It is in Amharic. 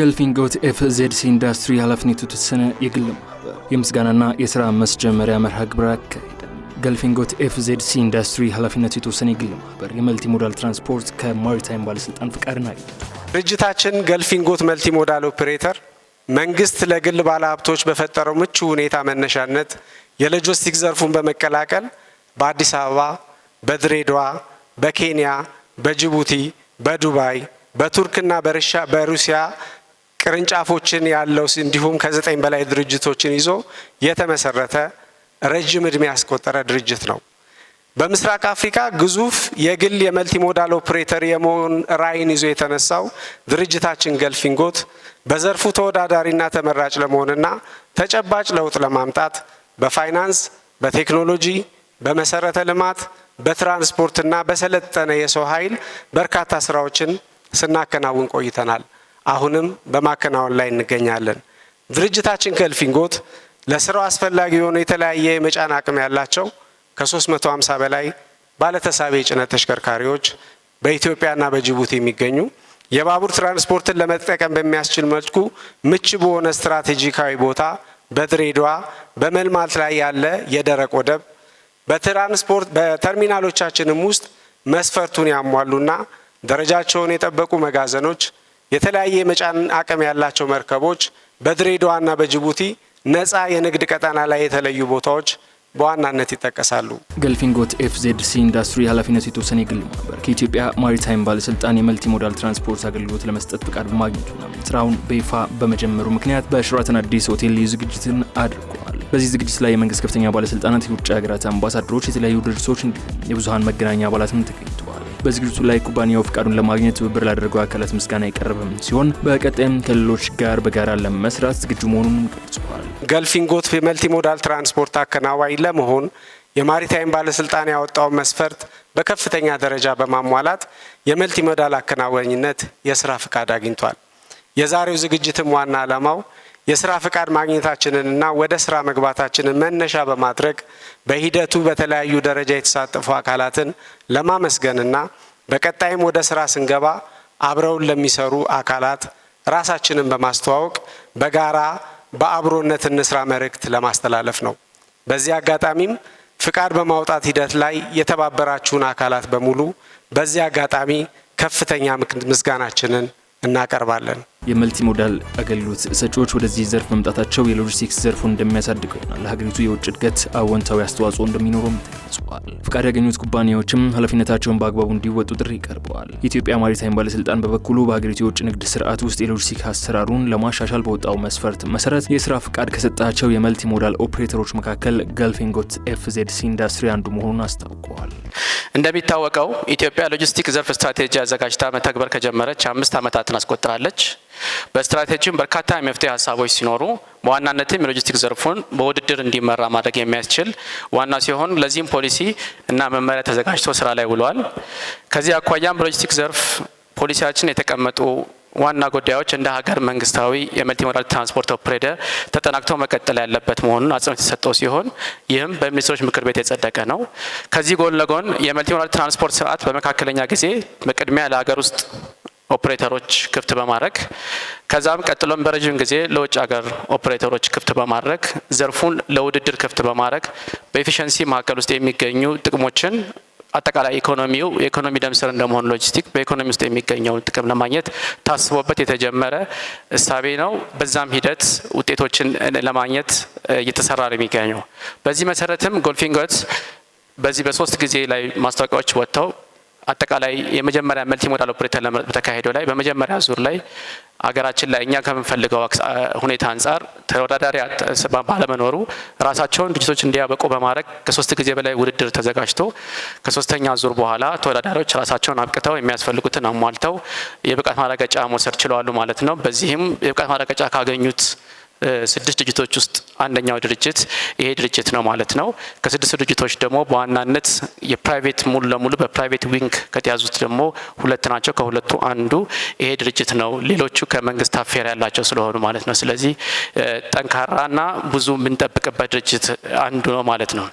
ገልፊን ጎት ኤፍዜድሲ ኢንዱስትሪ ኃላፊነቱ የተወሰነ የግል ማህበር የምስጋናና የሥራ መስጀመሪያ መርሃ ግብር አካሄደ። ገልፊንጎት ኤፍዜድሲ ኢንዱስትሪ ኃላፊነቱ የተወሰነ የግል ማህበር ሞዳል ትራንስፖርት ከማሪታይም ባለሥልጣን ፍቃድን አገኘ። ድርጅታችን መልቲ ሞዳል ኦፕሬተር መንግስት ለግል ባለሀብቶች በፈጠረው ምቹ ሁኔታ መነሻነት የሎጂስቲክስ ዘርፉን በመቀላቀል በአዲስ አበባ፣ በድሬዳዋ፣ በኬንያ፣ በጅቡቲ፣ በዱባይ፣ በቱርክና በሩሲያ ቅርንጫፎችን ያለው እንዲሁም ከዘጠኝ በላይ ድርጅቶችን ይዞ የተመሰረተ ረጅም እድሜ ያስቆጠረ ድርጅት ነው። በምስራቅ አፍሪካ ግዙፍ የግል የመልቲሞዳል ኦፕሬተር የመሆን ራዕይን ይዞ የተነሳው ድርጅታችን ገልፊንጎት በዘርፉ ተወዳዳሪና ተመራጭ ለመሆንና ተጨባጭ ለውጥ ለማምጣት በፋይናንስ፣ በቴክኖሎጂ፣ በመሰረተ ልማት፣ በትራንስፖርትና በሰለጠነ የሰው ኃይል በርካታ ስራዎችን ስናከናውን ቆይተናል። አሁንም በማከናወን ላይ እንገኛለን። ድርጅታችን ከልፊንጎት ለስራው አስፈላጊ የሆኑ የተለያየ የመጫን አቅም ያላቸው ከ350 በላይ ባለተሳቢ የጭነት ተሽከርካሪዎች በኢትዮጵያና በጅቡቲ የሚገኙ የባቡር ትራንስፖርትን ለመጠቀም በሚያስችል መልኩ ምቹ በሆነ ስትራቴጂካዊ ቦታ በድሬዳዋ በመልማት ላይ ያለ የደረቅ ወደብ በትራንስፖርት በተርሚናሎቻችንም ውስጥ መስፈርቱን ያሟሉና ደረጃቸውን የጠበቁ መጋዘኖች የተለያየ የመጫን አቅም ያላቸው መርከቦች በድሬዳዋና በጅቡቲ ነፃ የንግድ ቀጠና ላይ የተለዩ ቦታዎች በዋናነት ይጠቀሳሉ። ገልፊንጎት ኤፍዜድሲ ኢንዱስትሪ ኃላፊነቱ የተወሰነ የግል ማህበር ከኢትዮጵያ ማሪታይም ባለስልጣን የመልቲሞዳል ትራንስፖርት አገልግሎት ለመስጠት ፍቃድ ነው። ስራውን በይፋ በመጀመሩ ምክንያት በሽራተን አዲስ ሆቴል ልዩ ዝግጅትን አድርጓል። በዚህ ዝግጅት ላይ የመንግስት ከፍተኛ ባለስልጣናት፣ የውጭ ሀገራት አምባሳደሮች፣ የተለያዩ ድርጅቶች እንዲሁም የብዙሀን መገናኛ አባላትም ተገኝ በዝግጅቱ ላይ ኩባንያው ፍቃዱን ለማግኘት ትብብር ላደረገው አካላት ምስጋና የቀረበም ሲሆን በቀጣይም ከሌሎች ጋር በጋራ ለመስራት ዝግጁ መሆኑን ገልጸዋል። ገልፊንጎት የመልቲሞዳል ትራንስፖርት አከናዋይ ለመሆን የማሪታይም ባለስልጣን ያወጣውን መስፈርት በከፍተኛ ደረጃ በማሟላት የመልቲሞዳል አከናዋኝነት የስራ ፍቃድ አግኝቷል። የዛሬው ዝግጅትም ዋና ዓላማው የስራ ፍቃድ ማግኘታችንንና ወደ ስራ መግባታችንን መነሻ በማድረግ በሂደቱ በተለያዩ ደረጃ የተሳተፉ አካላትን ለማመስገንና በቀጣይም ወደ ስራ ስንገባ አብረውን ለሚሰሩ አካላት ራሳችንን በማስተዋወቅ በጋራ በአብሮነት እንስራ መልእክት ለማስተላለፍ ነው። በዚህ አጋጣሚም ፍቃድ በማውጣት ሂደት ላይ የተባበራችሁን አካላት በሙሉ በዚህ አጋጣሚ ከፍተኛ ምስጋናችንን እናቀርባለን። የመልቲ ሞዳል አገልግሎት ሰጪዎች ወደዚህ ዘርፍ መምጣታቸው የሎጂስቲክስ ዘርፉን እንደሚያሳድግ ለሀገሪቱ የውጭ እድገት አዎንታዊ አስተዋጽኦ እንደሚኖሩም ተገልጿል። ፍቃድ ያገኙት ኩባንያዎችም ኃላፊነታቸውን በአግባቡ እንዲወጡ ጥሪ ቀርበዋል። የኢትዮጵያ ማሪታይም ባለስልጣን በበኩሉ በሀገሪቱ የውጭ ንግድ ስርዓት ውስጥ የሎጂስቲክ አሰራሩን ለማሻሻል በወጣው መስፈርት መሰረት የስራ ፍቃድ ከሰጣቸው የመልቲ ሞዳል ኦፕሬተሮች መካከል ገልፊንጎት ኤፍዜድሲ ኢንዱስትሪ አንዱ መሆኑን አስታውቀዋል። እንደሚታወቀው ኢትዮጵያ ሎጂስቲክ ዘርፍ ስትራቴጂ አዘጋጅታ መተግበር ከጀመረች አምስት ዓመታትን አስቆጥራለች። በስትራቴጂም በርካታ የመፍትሄ ሀሳቦች ሲኖሩ በዋናነትም የሎጂስቲክ ዘርፉን በውድድር እንዲመራ ማድረግ የሚያስችል ዋና ሲሆን ለዚህም ፖሊሲ እና መመሪያ ተዘጋጅቶ ስራ ላይ ውሏል። ከዚህ አኳያም በሎጂስቲክ ዘርፍ ፖሊሲያችን የተቀመጡ ዋና ጉዳዮች እንደ ሀገር መንግስታዊ የመልቲሞዳል ትራንስፖርት ኦፕሬደር ተጠናክቶ መቀጠል ያለበት መሆኑን አጽንኦት የተሰጠው ሲሆን ይህም በሚኒስትሮች ምክር ቤት የጸደቀ ነው። ከዚህ ጎን ለጎን የመልቲሞዳል ትራንስፖርት ስርዓት በመካከለኛ ጊዜ በቅድሚያ ለሀገር ውስጥ ኦፕሬተሮች ክፍት በማድረግ ከዛም ቀጥሎም በረዥም ጊዜ ለውጭ ሀገር ኦፕሬተሮች ክፍት በማድረግ ዘርፉን ለውድድር ክፍት በማድረግ በኤፊሸንሲ ማዕከል ውስጥ የሚገኙ ጥቅሞችን አጠቃላይ ኢኮኖሚው የኢኮኖሚ ደምስር እንደመሆኑ ሎጂስቲክ በኢኮኖሚ ውስጥ የሚገኘውን ጥቅም ለማግኘት ታስቦበት የተጀመረ እሳቤ ነው። በዛም ሂደት ውጤቶችን ለማግኘት እየተሰራ ነው የሚገኘው። በዚህ መሰረትም ጎልፊንግ በዚህ በሶስት ጊዜ ላይ ማስታወቂያዎች ወጥተው አጠቃላይ የመጀመሪያ መልቲ ሞዳል ኦፕሬተር ለመረጥ በተካሄደው ላይ በመጀመሪያ ዙር ላይ አገራችን ላይ እኛ ከምንፈልገው ሁኔታ አንጻር ተወዳዳሪ ባለመኖሩ ራሳቸውን ድርጅቶች እንዲያበቁ በማድረግ ከሶስት ጊዜ በላይ ውድድር ተዘጋጅቶ ከሶስተኛ ዙር በኋላ ተወዳዳሪዎች ራሳቸውን አብቅተው የሚያስፈልጉትን አሟልተው የብቃት ማረጋገጫ መውሰድ ችለዋሉ ማለት ነው። በዚህም የብቃት ማረጋገጫ ካገኙት ስድስት ድርጅቶች ውስጥ አንደኛው ድርጅት ይሄ ድርጅት ነው ማለት ነው። ከስድስት ድርጅቶች ደግሞ በዋናነት የፕራይቬት ሙሉ ለሙሉ በፕራይቬት ዊንግ ከተያዙት ደግሞ ሁለት ናቸው። ከሁለቱ አንዱ ይሄ ድርጅት ነው። ሌሎቹ ከመንግስት አፌር ያላቸው ስለሆኑ ማለት ነው። ስለዚህ ጠንካራና ብዙ የምንጠብቅበት ድርጅት አንዱ ነው ማለት ነው።